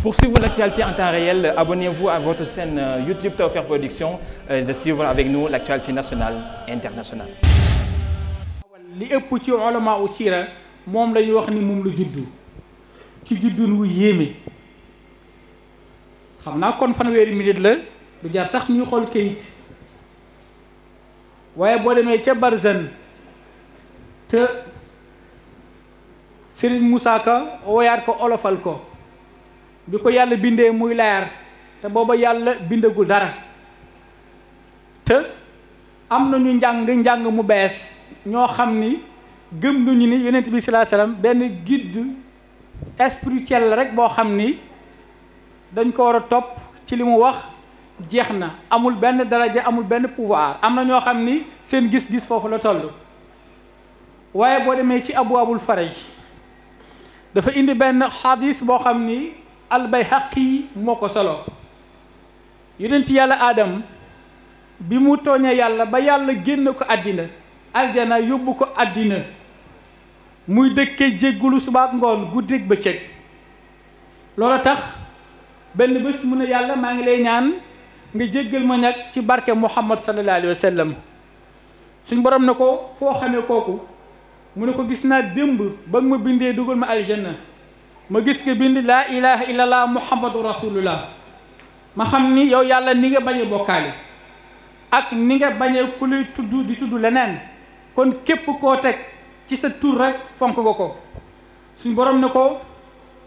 Pour suivre l'actualité en temps réel, abonnez-vous à votre chaîne euh, YouTube Tawfekh Production euh, et de suivre avec nous l'actualité nationale internationale. li ëpp ci ulama u siira moom lañuy wax ni moom la juddu ci juddun wu yéeme xam naa kon fanweeri minute la lu jar sax ñuy xool kayit waaye boo demee ca Barzan te Serigne Moussa Ka woyaat ko olofal ko. bi ko yàlla bindee muy leer te booba yàlla bindagul dara te am na ñu njàng njàng mu bees ñoo xam ni gëm nañu ni yonent bi salaa salaam benn guide spirituel rek boo xam ni dañ ko war a topp ci li mu wax jeex na amul benn daraja amul benn pouvoir am na ñoo xam ni seen gis-gis foofu la toll waaye boo demee ci abwaabul faraj dafa indi benn xadis boo xam ni albayhaqi moo ko solo yonent yàlla aadam bi mu tooñee yàlla ba yàlla génn ko àddina aljana yóbbu ko àddina muy dëkke jéggulu subaak ngoon guddeeg bëccëg loola tax benn bés mu ne yàlla maa ngi lay ñaan nga jéggal ma ñag ci barke muhammad sallallahu alayhi wa sallam suñ borom ne ko foo xamee kooku mu ne ko gis naa démb ba nga ma bindee dugal ma aljanna ma gis nga bind laa ilaha illallah muhammadu rasulullah ma xam ni yow yàlla ni nga bañee bokkaale ak ni nga bañee ku luy tudd di tudd leneen kon képp koo teg ci sa tur rek fonk nga ko suñ borom ne ko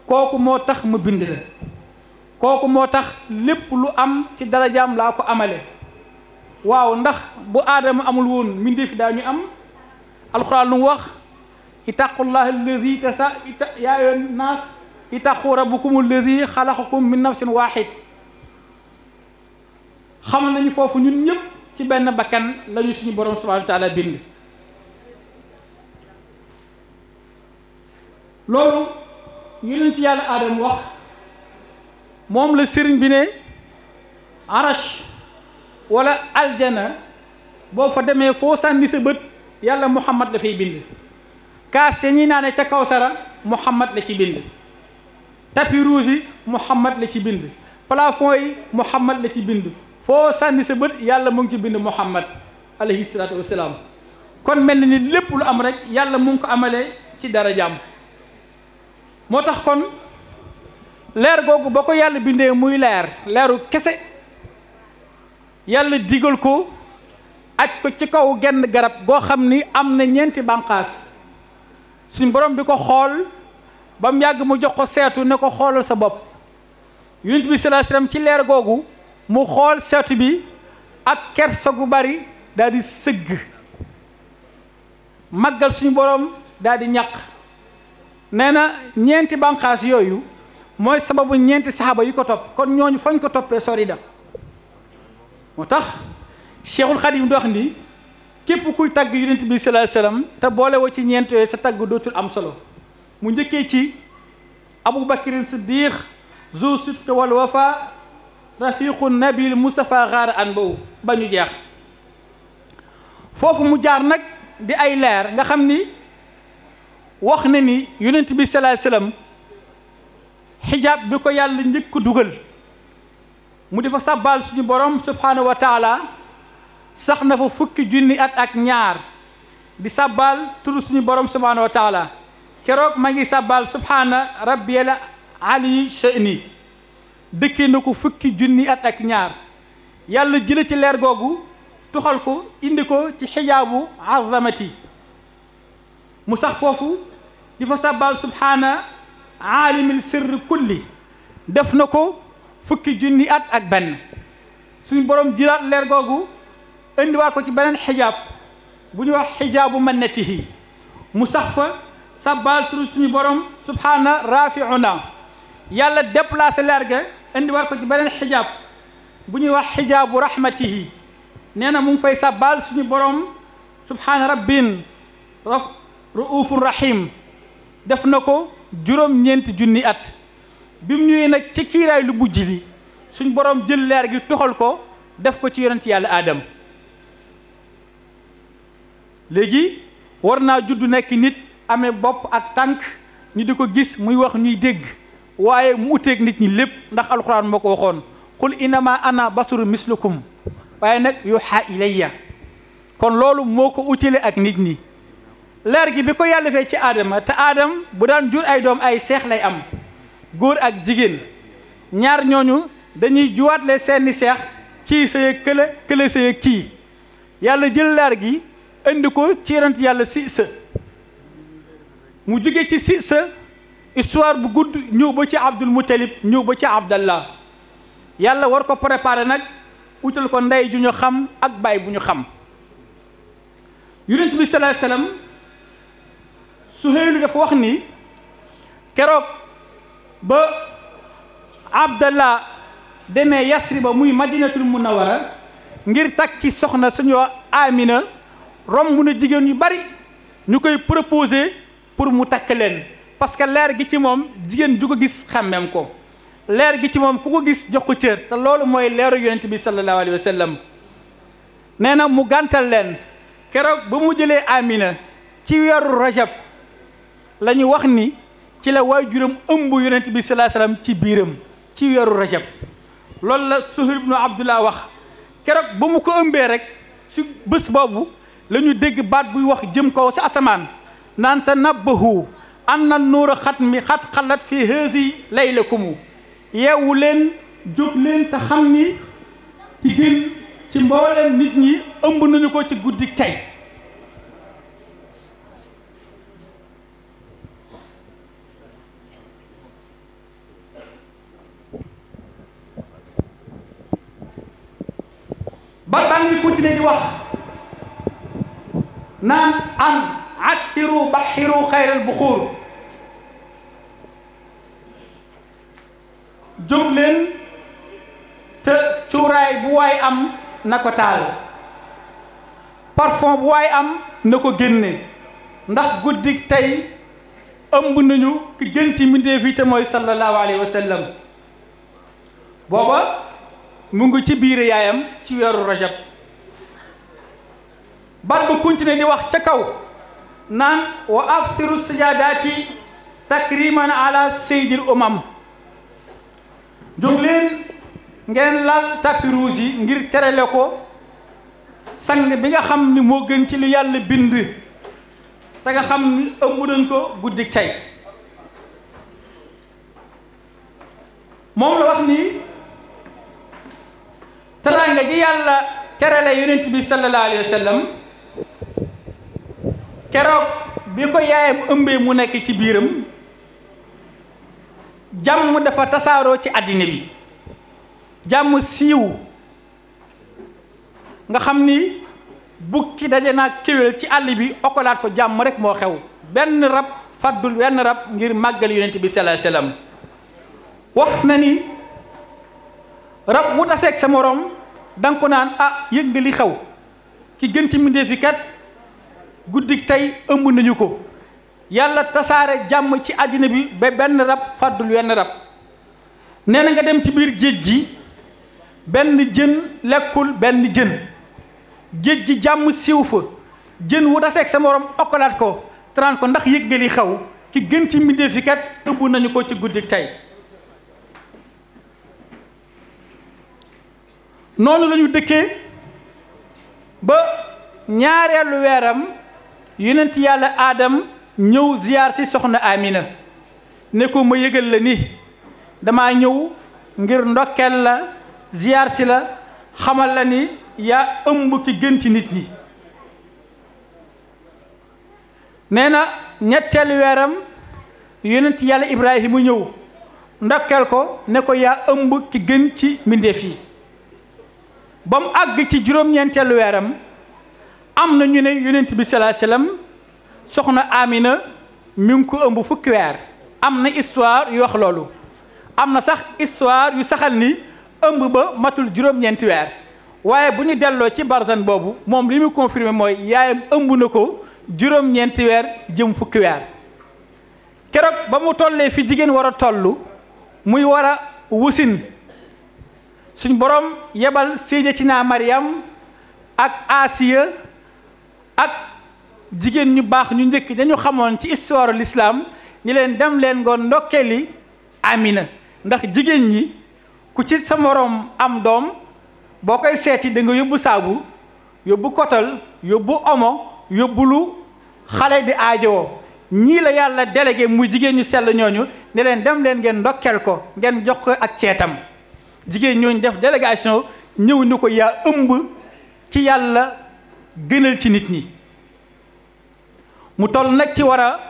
kooku moo tax ma bind la kooku moo tax lépp lu am ci darajaam laa ko amale waaw ndax bu aadama amul woon mbindeef fi daa ñu am alxuraan lu mu wax ittaqullaha allazi tasa yaa ayyuhan naas ittaqu rabbakum allazi xalaqakum min nafsin waahid xam nañu foofu ñun ñëpp ci benn bakkan lañu suñu borom subhaanahu wa taala bind loolu yonent yàlla aadama wax moom la sëriñ bi ne arash wala aljana boo fa demee foo sànni sa bët yàlla muhammad la fay bind kaas ya ñuy naane ca kawsara muhammad la ci bind tapis rouge muhammad la ci bind plafond yi muhammad la ci bind foo sànni sa bët yàlla mu ngi ci bind muhammad alayhi salaatu kon mel na ni lépp lu am rek yàlla mu ko amalee ci dara jàmm moo tax kon leer googu ba ko yàlla bindee muy leer leeru kese yàlla digal ko aj ko ci kaw genn garab goo xam ni am na ñeenti banqaas suñ borom di ko xool ba mu yàgg mu jox ko seetu ne ko xoolal sa bopp yonent bi sallallahu alayhi wasallam ci leer googu mu xool seetu bi ak kersa gu bari daal di sëgg màggal suñu borom daal di ñàq nee na ñeenti banqaas yooyu mooy sababu ñeenti saxaaba yi ko topp kon ñooñu fañ ko toppee sori da moo tax Cheikhul Khadim di wax ni képp kuy tagg yonent bi sallallahu alayhi te boole woo ci ñeent yooyu sa tagg dootul am solo mu njëkkee ci Abu Bakrin Siddiq zu sidq wal wafa rafiqu nabil Mustafa xaar an boobu ba ñu jeex foofu mu jaar nag di ay leer nga xam ni wax na ni yonent bi sallallahu alayhi wasallam xijaab bi ko yàlla njëkk dugal mu di fa sàbbaal suñu borom subhaanahu sax na fa fukki junni at ak ñaar di sabal tur suñu borom subhaanahu wa taala keroog ma ngi sabbal subhaana rabbiyal ali sha'ni dëkkee na ko fukki junni at ak ñaar yàlla jële ci leer googu tuxal ko indi ko ci xijaabu azamati mu sax foofu di fa sabbal subhaana aalimil sirri kulli def na ko fukki junni at ak benn suñu borom jëlaat leer googu indiwaat ko ci beneen xijaab bu ñuy wax xijaabu mannatihi mu sax fa sabbal turu suñu borom subhaana rafiuna yàlla déplacé leer ga indiwaat ko ci beneen xijaab bu ñuy wax xijaabu rahmatihi nee na mu ngi fay sabbal suñu borom subhaana rabbin raf ruufun rahim def na ko juróom-ñeenti junni at bi mu ñëwee nag ci kiiraay lu mujj suñ borom jël leer gi toxal ko def ko ci yonent yàlla aadam léegi war naa judd nekk nit amee bopp ak tànk ñu di ko gis muy wax ñuy dégg waaye mu uteeg nit ñi lépp ndax alxuraan moo ko waxoon qul innama ana basuru mislukum waaye nag yuha ilayya kon loolu moo ko utile ak nit ñi leer gi bi ko yàlla fee ci aadama te aadam bu daan jur ay doom ay seex lay am góor ak jigéen ñaar ñooñu dañuy juwaatle seeni seex kii sëy ak kële kële sëy ak kii yàlla jël laar gi indi ko ci yonent yàlla si sa mu jóge ci si sa histoire bu gudd ñëw ba ci abdul mutalib ñëw ba ci abdallah yàlla war ko préparer nag utal ko ndey ju ñu xam ak baay bu ñu xam yonent bi salaay salaam Suhaylu dafa wax ni keroog ba abdallah demee yasriba muy madinatul munawara ngir takk ci soxna suñu amina romb na jigéen yu bari ñu koy proposé pour mu takk leen parce que leer gi ci moom jigéen du ko gis xàmmeem ko leer gi ci moom ku ko gis jox ko cër te loolu mooy leeru yonent bi sallallahu alayhi wa sallam nee na mu gàntal leen keroog ba mu jëlee Amina ci weeru rajab la ñu wax ni ci la waajuram ëmb yonent bi sallallahu alayhi wa sallam ci biiram ci weeru rajab loolu la Suhayl ibnu Abdullah wax keroog ba mu ko ëmbee rek su bés boobu lañu dégg baat buy wax jëm kaw ci asamaan naan tanabbahu anna nuura xat mi xat xalat fi haasi laylakumu yeewu leen jóg te xam ni ci gën ci mbooleem nit ñi ëmb nañu ko ci guddi tey ba baa buxiru xayral buxuur jóg te cuuraay bu waay am na ko taal parfum bu waay am na ko génne ndax guddik tey ëmb nañu ki ci mbindéef yi te mooy sallallahu alayhi wa sallam booba mu ngi ci biir yaayam ci weeru rajab bat bu continuer di wax ca kaw nan wa absiru sijadaati takriman ala seydil umam jóg ngeen lal tapis rouge yi ngir terale ko sang bi nga xam ni moo gën ci lu yàlla bind te nga xam ni ëmb ko guddik tey moom la wax ni teraanga ji yàlla terale yonent bi sallallahu alayhi wa keroog bi ko yaayam ëmbee mu nekk ci biiram jàmm dafa tasaaroo ci àddina bi jàmm siiw nga xam ni bukki daje na kéwél ci àll bi okolaat ko jàmm rek moo xew benn rab faddul benn rab ngir màggal yonent bi sallallahu alayhi wasallam wax na ni rab bu taseeg sa moroom danga ko naan ah yëg nga li xew ki gën ci mbindéef kat guddik tey ëmb nañu ko yàlla tasaare jàmm ci àddina bi ba benn rab fàddul wenn rab nee na nga dem ci biir géej gi benn jën lekkul benn jën géej gi jàmm siiw fa jën wu daseeg sa morom okkalaat ko traan ko ndax yëg nga li xaw ki gën ci mbindeef yi kat ëmb nañu ko ci guddik tey noonu lañu dëkkee ba ñaareelu weeram yonent yàlla aadam ñëw ziyaar si soxna Amina ne ko ma yëgal la ni dama ñëw ngir ndokkeel la ziyaar si la xamal la ni yaa ëmb ki gën ci nit ñi nee na ñetteelu weeram yonent yàlla Ibrahima ñëw ndokkeel ko ne ko yaa ëmb ki gën ci mbindeef yi ba mu àgg ci juróom-ñeenteelu weeram am na ñu ne yonent bi salaa salaam soxna Amina mi ngi ko ëmb fukki weer am na histoire yu wax loolu am na sax histoire yu saxal ni ëmb ba matul juróom-ñeenti weer waaye bu ñu delloo ci barzan boobu moom limu mu mooy yaayam ëmb na ko juróom-ñeenti weer jëm fukki weer keroog ba mu tollee fi jigéen war a toll muy war a wusin suñ boroom yebal Sayyidatina Maryam ak Asiya ak jigéen ñu baax ñu njëkk dañu xamoon ci histoire lislaam ñi leen dem leen ngoon ndokkeeli amina ndax jigéen ñi ku ci sa moroom am doom boo koy seeti da yóbbu saabu yóbbu kotal yóbbu omo yóbbu lu xale di aajowoo ñii la yàlla délégué muy jigéen ñu sell ñooñu ne leen dem leen ngeen ndokkeel ko ngeen jox ko ak ceetam jigéen ñooñu def délégation ñëw ni ko yaa ëmb ci yàlla gënal ci nit ñi mu toll nag ci war a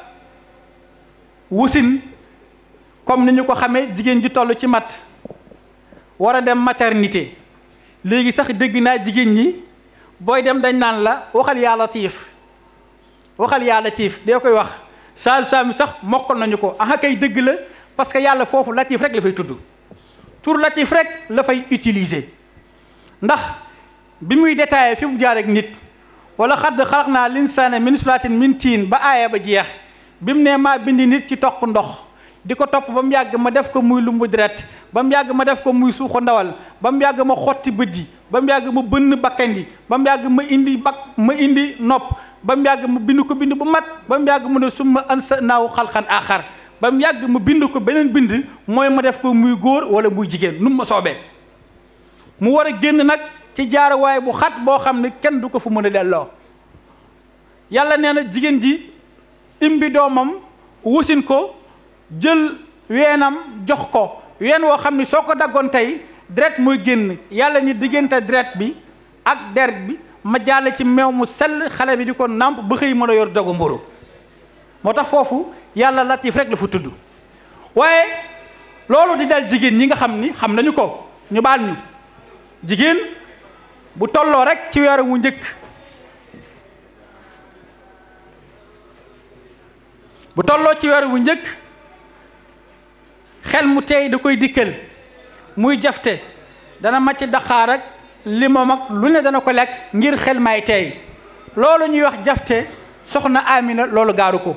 wusin comme ni ñu ko xamee jigéen ji toll ci mat war a dem maternité léegi sax dégg naa jigéen ñi booy dem dañ naan la waxal yàlla tiif waxal yàlla tiif dee koy wax sage-femme bi sax mokkal nañu ko ah kay dëgg la parce que yàlla foofu latif rek la fay tudd tur latif rek la fay utilise ndax bi muy détaillé fi mu jaar ak nit wala xadd xalaq naa linsaana min sulaatin min tiin ba aaya ba jeex bi mu nee maa bind nit ci toq ndox di ko topp ba mu yàgg ma def ko muy lumbu deret ba mu yàgg ma def ko muy suuxu ndawal ba mu yàgg ma xotti bët yi ba mu yàgg ma bënn bakkan yi ba mu yàgg ma indi bak ma indi nopp ba mu yàgg ma bind ko bind bu mat ba mu yàgg mu ne suma ansa naaw xalqan axar ba mu yàgg ma bind ko beneen bind mooy ma def ko muy góor wala muy jigéen nu mu ma soobee mu war a génn nag ci jaaruwaay bu xat boo xam ne kenn du ko fu mën a delloo yàlla nee na jigéen ji imbi doomam wusin ko jël weenam jox ko ween woo xam ne soo ko daggoon tey deret muy génn yàlla ni diggante deret bi ak deret bi ma jàll ci meew mu sell xale bi di ko nàmp ba xëy mën a yor dogu mburu moo tax foofu yàlla latif rek la fu tudd waaye loolu di dal jigéen ñi nga xam ni xam nañu ko ñu baal ñu jigéen bu tolloo rek ci weer wu njëkk tolloo ci weer wu njëkk xel mu teey da koy dikkal muy jafte dana macc daxaar ak limo ak lu ne dana ko lekk ngir xel may teey loolu ñuy wax jafte soxna Amina loolu gaaru ko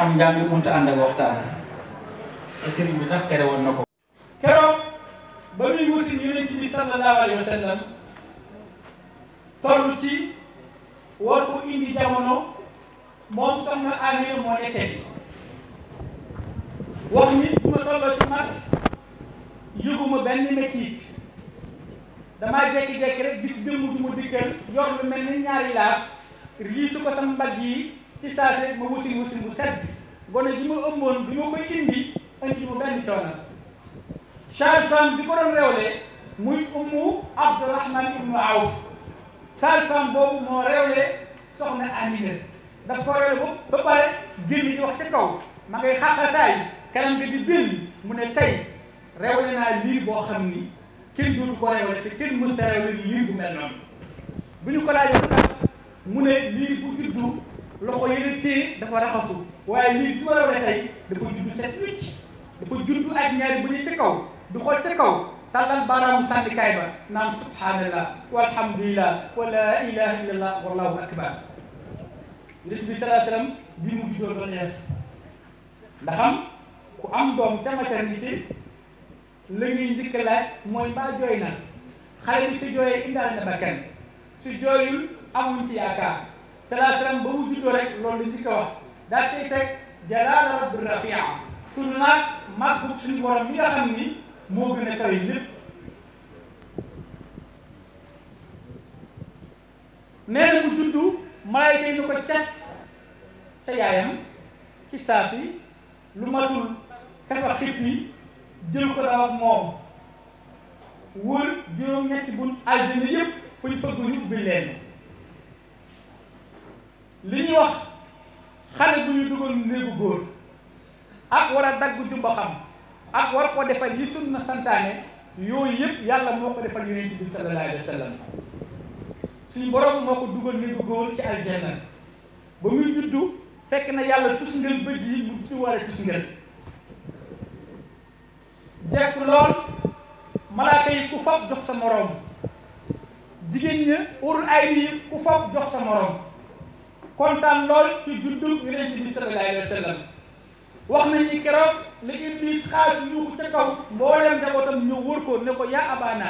am njàng bi mënut a ànd ak waxtaan te sëriñ bi sax tere woon na ko. keroog ba muy wusi yonent bi sallallahu alayhi wa sallam toll ci war ko indi jamono moom soxna Amina moo nekkee wax nit bu ma tolloo ci mat yëguma benn mettit damaa jékki-jékki rek gis jëmm ju ma dikkal yor lu mel ni ñaari laaf riisu ko sama mbagg yi ci saase ma wusin wusin bu sedd gone ji ma ëmboon bi ma koy indi indi mu benn coono sage-femme bi ko doon réewle muy ummu Abdourahman ibnu Awf sage-femme boobu moo réewle soxna Amina daf ko réewle ba ba pare génn di wax ca kaw ma ngay xàqataay kanam nga di bind mu ne tey réewle naa lii boo xam ni kenn duñu ko réewale te kenn mës a réewale liir bu mel noonu bu ñu ko laajoon nag mu ne liir bu juddu loxo yeneen téye dafa raxasu waaye liir bi ma réewale tey dafa juddu set wicc dafa juddu ak ñaari bu ñu ca kaw du xool ca kaw tàllal baaraamu sànnikaay ba naan subhaanallah walhamdulillah wa laa ilaha illallah wallahu akbar yonent bi salaa salaam bi mu juddoo doon leer ndaxam ku am doom ca maternité la ñuy njëkk a laaj mooy mbaa jooy na xale bi su jooyee indaal na bakkan su jooyul amuñ ci yaakaar salaa ba mu juddoo rek loolu la wax daa tey teg jalaala rabbi rafia tudd naag màggu suñu borom mi nga xam ni moo gën a kawe lépp nee mu juddu malaayka yi ni ko cas ca yaayam ci saasi lu matul kafa xib ni jël ko daw moom wër juróom-ñetti bunt àjjana yëpp fu ñu fëgg ñu ubbi leen li ñuy wax xale bu ñu dugal néegu góor ak war a dagg jumba xam ak war ko defal yi na santaane yooyu yëpp yàlla moo ko defal yonent bi sallallahu alayhi wa sallam moo ko dugal néegu góor ci aljanna ba muy juddu fekk na yàlla tus bëgg yi mu war a tus jekk lool malaaka yi ku fab jox sa moroom jigéen ñi urul ay nii ku fab jox sa moroom kontaan lool ci juddu yonent bi sallallahu alayhi wa sallam wax nañ ni keroog li iblis xaaj yuuxu ca kaw mboolem njabootam ñu wër ko ne ko yaa abaana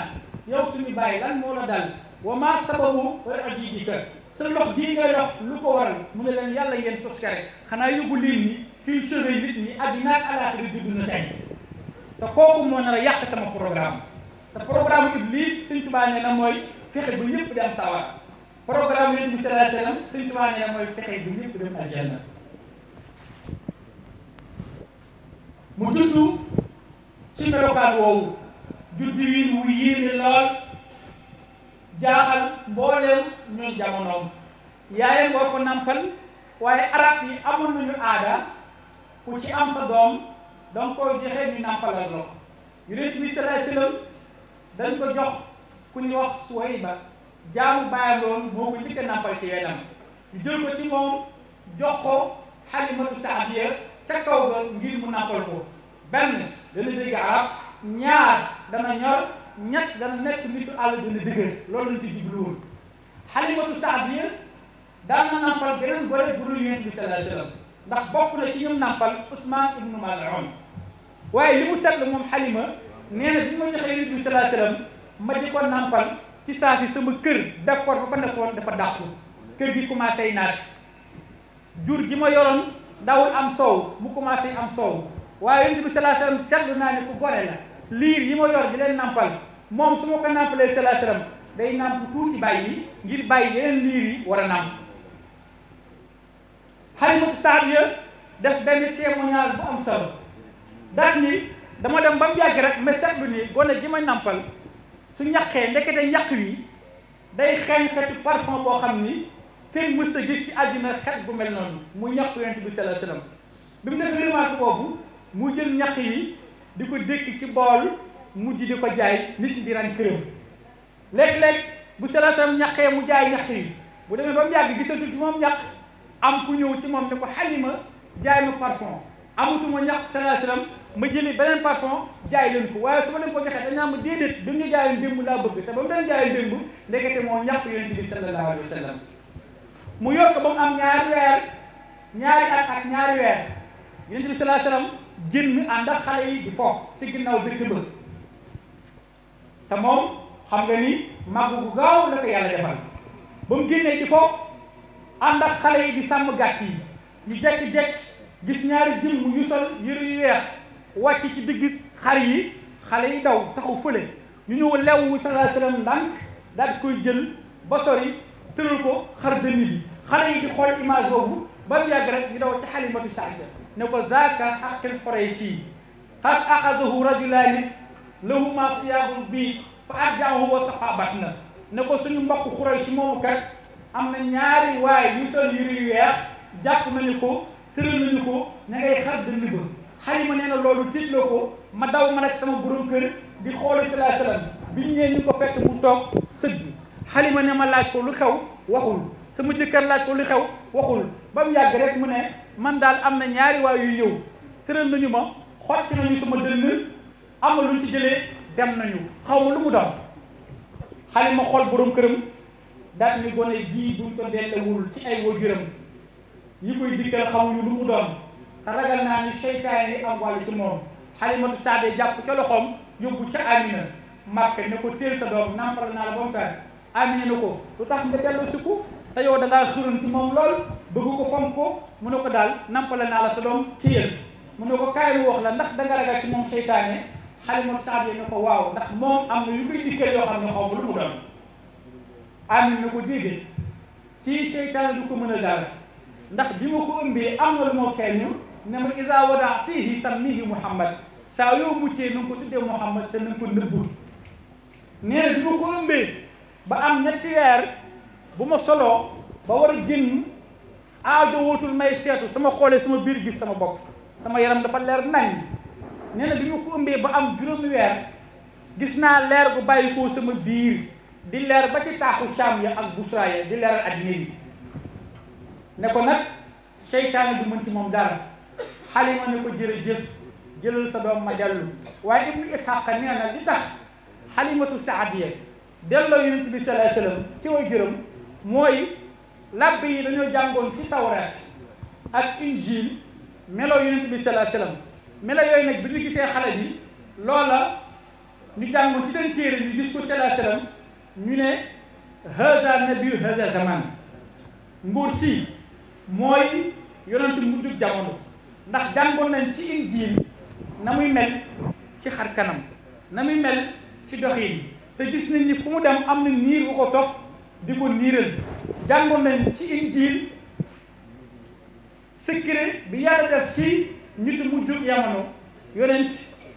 yow suñu bàyyi lan moo la dal wa maa sababu rajidika sa lox jii ngay lox lu ko waral mu ne leen yàlla ngeen toskare xanaa yóbbu lii nii juddu na tey te kooku moo nar a yàq sama programme te programme Iblis Sëñ Tuubaa nee na mooy fexe ba ñëpp di am sawar programme Yonent bi sallallahu alayhi wa sallam Sëñ Tuubaa nee na mooy fexe ba ñëpp dem aljanna mu juddu ci melokaan woowu juddu wiin wu yéeme lool jaaxal mbooleem ñuy jamonoom yaayam boo ko nampal waaye arab yi amoon nañu aada ku am sa doom danga koy joxe ñu nàmpalal la ko yonent bi salaay salaam dañ ko jox ku ñu wax Suwayba jaamu bàyyam loon moo ko njëkk a nàmpal ci weenam ñu jël ko ci moom jox ko ga ngir mu nàmpal ko benn dana na nàmpal beneen boole bu dul yonent bi ci ñoom nàmpal Ousmane ibnu Mal'un waaye li mu seetlu moom xalima nee bi ma joxee yonent bi salaa ma di ko nàmpal ci saa si sama kër d'accord ba fa nekkoon dafa dàqu kër gi commencé naat jur gi ma yoroon dawul am soow mu commencé am soow waaye yonent bi salaa salaam naa ne ku gore la liir yi ma yor di leen nàmpal moom su ma ko nàmpalee salaa salaam day nàmp tuuti bàyyi ngir bàyyi yeneen liir yi war a nàmp xalima bu saadiya def benn témoignage bu am solo daal ni dama dem ba mu yàgg rek ma seetlu ni gone ji ma nàmpal su ñaqee ndekete ñaq wi day xeeñ xeetu parfum boo xam ni kenn mës a gis ci àddina xet bu mel noonu mu ñaq yonent bi sallallahu alayhi wasallam bi mu def remarque boobu mu jël ñaq yi di ko dékk ci bool mujj di ko di ran këram léeg-léeg bu sallallahu alayhi wasallam mu jaay ñaq yi bu demee ba mu yàgg gisatu ci moom ñaq am ku ñëw ci moom ne ko xalima jaay ma parfum amutuma ñaq sallallahu ma jëli beneen parfum jaay leen ko waaye su ma leen ko joxee dañ naa ma déedéet bi mu ñu jaayoon démb laa bëgg te ba mu leen jaayoon démb ndekete moo ñàkk yonent bi sallallahu alayhi wa sallam mu yor ko ba mu am ñaari weer ñaari at ak ñaari weer yonent bi sallallahu alayhi wa sallam génn ànd ak xale yi di foofu ci ginnaaw dëkk ba te xam nga ni màgg gu gaaw la ko yàlla defal mu génnee di foofu ànd ak xale yi di sàmm gàtt yi ñu jekki-jekki gis ñaari jëmm yu sol yëre yu weex wàcc ci digg xar yi xale yi daw taxaw fële ñu ñëw lew sallallahu alayhi wasallam ndànk daal di koy jël ba sori tëral ko xar dënn bi xale yi di xool image boobu ba mu yàgg rek ñu daw ci Halimatu Saadiya ne ko zaaka aqil Qurayshi qad axazahu rajulaani lahuma siyaabun bi fa arjaahu wa saxaabatna ne ko suñu mbokku Quraysh moomu kat am na ñaari waay yu sol yëre yu weex jàpp nañu ko tëral nañu ko ña ngay xar dënn ba xalima ne na loolu tiitloo ko ma daw man ak sama borom kër di xoolu salaa salaam bi ñu ñëwee ñu ko fekk mu toog sëgg xalima ne ma laaj ko lu xew waxul sama jëkkër laaj ko lu xew waxul ba mu yàgg rek mu ne man daal am na ñaari waay yu ñëw tëral nañu ma xocc nañu sama dënn ama lu ci jëlee dem nañu xaw ma lu mu doon xalima xool borom këram daal ni gone gii buñ ko dellawul ci ay waajuram yi koy dikkal xamuñu lu mu doon te ragal naa ni seytaane yi am wàllu ci moom xalimatu saade jàpp ca loxoom yóbbu ca amina màkke ne ko téel sa doom nàmpal naa la ba mu fer amina ne ko lu tax nga dellu siku te yow da ngaa xëroon ci moom lool bëgg ko fam ko mu ne ko daal nàmpale naa la sa doom téyel mu ne ko kaay wax la ndax da nga ragal ci moom seytaane xalimatu saade ne ko waaw ndax moom am na yu koy dikkal yoo xam ne xaw ma lu mu doon amina ne ko déedéet ci seytaane du ko mën a ndax bi ko ëmbee am ne ma isa wadaatihi sammihi muhammad saa yoo muccee na nga ko tuddee muhammad te na ko nëbbu nee na bi ma ko ëmbee ba am ñetti weer bu ma solo ba war a génn aajo wootul may seetu sama xoolee sama biir gis sama bopp sama yaram dafa leer nañ nee na bi ma ko ëmbee ba am juróomi weer gis naa leer bu bàyyi koo sama biir di leer ba ci taaxu Saam ya ak Busra ya di leeral addina bi ne ko nag seytaane du mën ci moom dara xalima ne ko jërëjëf jëlal sa doom ma dellu waaye ibnu ishaqa nee na li tax xalimatu saadiya delloo yonent bi sallallahu alayhi wasallam ci way mooy labbe yi dañoo jàngoon ci tawraat ak injil meloo yonent bi sallallahu alayhi wasallam melo yooyu nag bi ñu gisee xale loola ñu jàngoon ci seen téere ñu gis ko sallallahu ñu ne haza nabiyu haza zaman nguur si mooy yonent mu jug ndax jàngoon nañ ci injiil na muy mel ci xar kanam na muy mel ci doxiin te gis nañ ni fu mu dem am na niir bu ko topp di ko niiral jàngoon nañ ci injiil secret bi yàlla def ci nit mu jub yamono yonent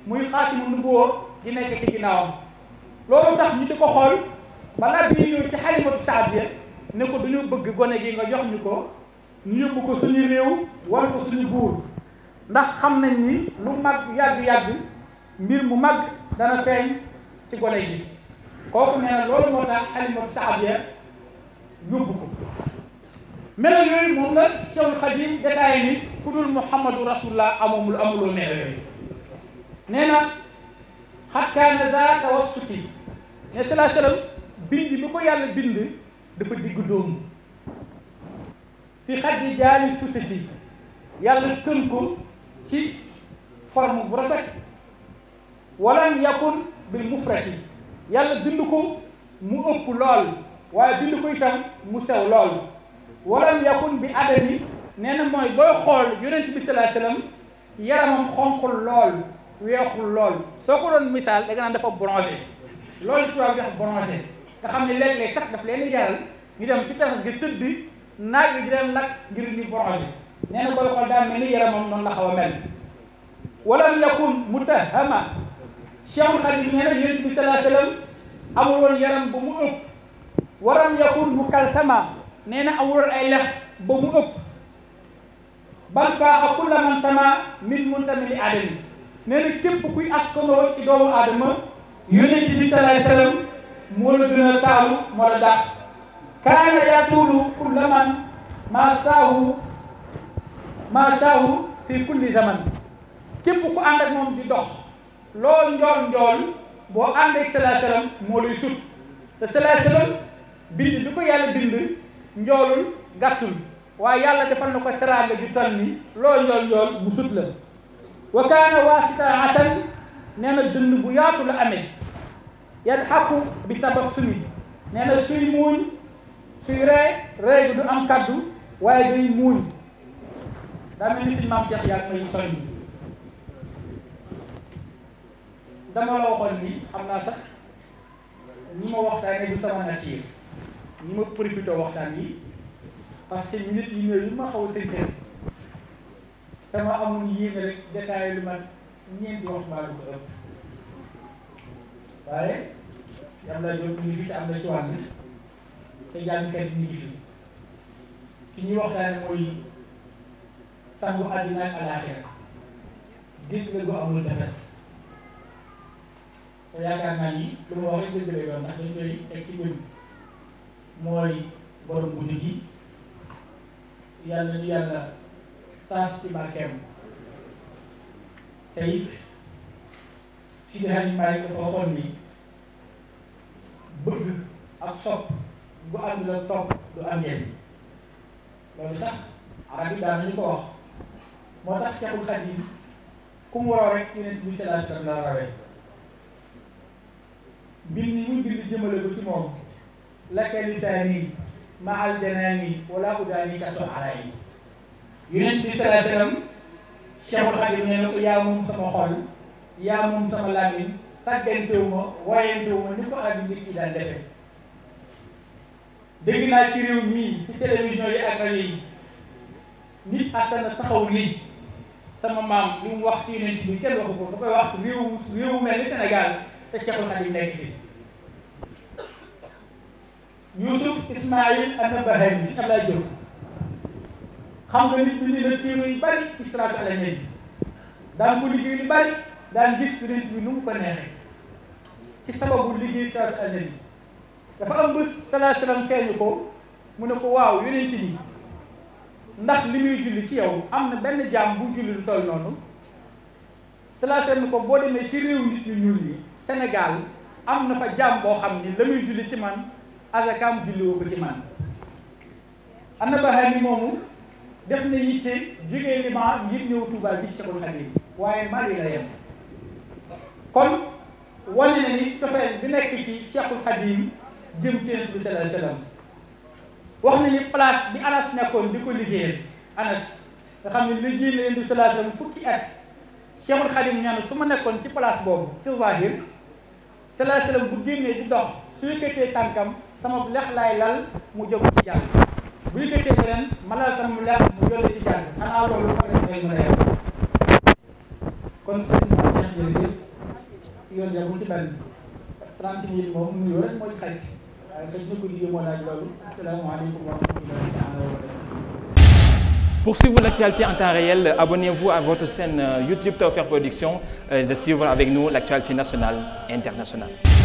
muy xaatimu nubuwwa di nekk ci ginnaawam loolu tax ñu di ko xool balaa bi ñëw ci xalimatu saabiya ne ko duñu bëgg gone gi nga jox ñu ko ñu yóbbu ko suñu réew war ko suñu buur ndax xam nañ ni lu mag yàgg-yàgg mbir mu mag dana feeñ ci gone yi kooku nee na loolu moo tax alimatu sahabiya yóbbu ko melo yooyu moom la Cheikhul Khadim détaillé ni ku dul Muhammadu rasulullah amuloo melo yooyu nee na xat kaana za tawassuti ne salaa salaam bind bi ko yàlla bind dafa digg dóomu fi xaddi jaani sutati yàlla tën ko ci forme bu rafet walam yakun bil mufrati yàlla bind ko mu ëpp lool waaye bind ko itam mu sew lool walam yakun bi adami nee na mooy booy xool yonent bi salaa sallam yaramam xonqul lool weexul lool soo ko doon misaal da nga naan dafa bronzé loolu tubaab yi wax bronzé nga xam ne léeg-léeg sax daf leen jaral ñu dem ci tefes gi tëdd naaj bi di leen lakk ngir ñu bronzé nee na koy xool daa mel ni yaramam noonu la xaw a mel walam yakun mutahama Cheikhul Khadim nee na yonent bi salaa sallam amul woon yaram ba mu ëpp walam yakun mukalsama nee na amul woon ay lex ba fa ëpp ban man sama min muntamili aadami nee na képp kuy askanoo ci doomu aadama yonent bi salaa sallam moo la gën a taaru moo la dàq kaana yatulu kulla man maa maa saawu fi kulli zaman képp ku ànd ak moom di dox loo njool njool boo ànd ak moo lay sut te salaa bind bi ko yàlla bind njoolul gàttul waaye yàlla defal na ko teraanga ju toll ni loo njool njool mu sut la wa kaana waasitaatan nee na dënd bu yaatu la amee yadhaku bi tabassumi nee na suy muuñ suy ree ree du am kaddu waaye day muuñ daa mel ni suñu maam Cheikh yaa ngi may soññ dama la waxoon ni xam naa sax ñi ma waxtaanee du sama nature ñi ma profité waxtaan yi parce que minute yi ma xaw a tënkal dama amul yéene rek détaillé lu man ñeenti wax mbaa lu ko ëpp waaye si am na jot ñu ngi fi am na ci wàll te jàngkat yi ñu ngi fi ki ñuy waxtaanee mooy. sangu àddina ak alaaxira gént la gu amul tefes te yaakaar naa ni lu ma wax rek dëgg lay doon ndax dañ koy teg mooy borom guddi gi yàlla taas ci barkeem te it Sidi Hadj Malick dafa waxoon ni bëgg ak sopp bu ànd la topp du am njëriñ loolu sax arab yi daan nañu ko moo tax Cheikhul Khadim ku mu raw rek yonent bi sallallahu alayhi wa sallam la rawee bind yi muy bind jëmale ko ci moom laka lisaani ma al janaani wala udaani kaso alaay yonent bi sallallahu alayhi wa sallam Cheikhul Khadim nee yaa moom sama xol yaa moom sama làmmiñ tàggantewu ma waayantewu ma ni ko arab nit ki daan defe dégg naa ci réew mii ci télévision ak rajo yi nit àttan taxaw lii sama maam li mu wax ci yonent bi kenn waxu ko da koy wax réew réew mel ni Sénégal te Cheikhul Khadim nekk fi Youssouf Ismaïl si Ablaye Diop xam nga nit bind na téere yu bari ci siraatu ala nabi daan ko liggéey lu daan gis yonent bi nu mu ko neexee ci sababu liggéey siraatu ala nabi dafa am bés salaa salaam ko mu ne ko waaw yonent bi ndax li muy julli ci yow am na benn jaam bu julli lu toll noonu cela seetlu ko boo demee ci réew nit ñu ñuul ñi Sénégal am na fa jaam boo xam ni la muy julli ci man asakaam julliwoo ko ci man ana baxaani moomu def na yitte jógee li ma ngir ñëw Touba gis Cheikhul Khadim waaye Mali la yem kon wane ni cofeel bi nekk ci Cheikhul Khadim jëm ci Yonent bi sallallahu alayhi wax na ni place bi Anas nekkoon di ko liggéeyal Anas nga xam ne liggéey na leen di sallallahu alayhi wasallam fukki at Cheikhul Khadim su ma nekkoon ci place boobu ci zahir sallallahu alayhi wasallam bu génnee di dox su yëkkatee tànkam sama lex lay lal mu jóg ci jàll bu yëkkatee beneen ma lal sama lex mu jóge ci jàll xanaa loolu ma def ay mën a yem kon sëñ Cheikh jërëjëf yoon ya bu ci benn trente mille moom nuyoo rek mooy xaj waaye dañ ko liggéey moo laaj loolu asalaamaaleykum wa rahmatullahi taala wa barakatuh. Pour l'actualité en temps réel, abonnez-vous à votre chaîne euh, YouTube Tawfekh Production euh, et de suivre avec nous l'actualité nationale internationale.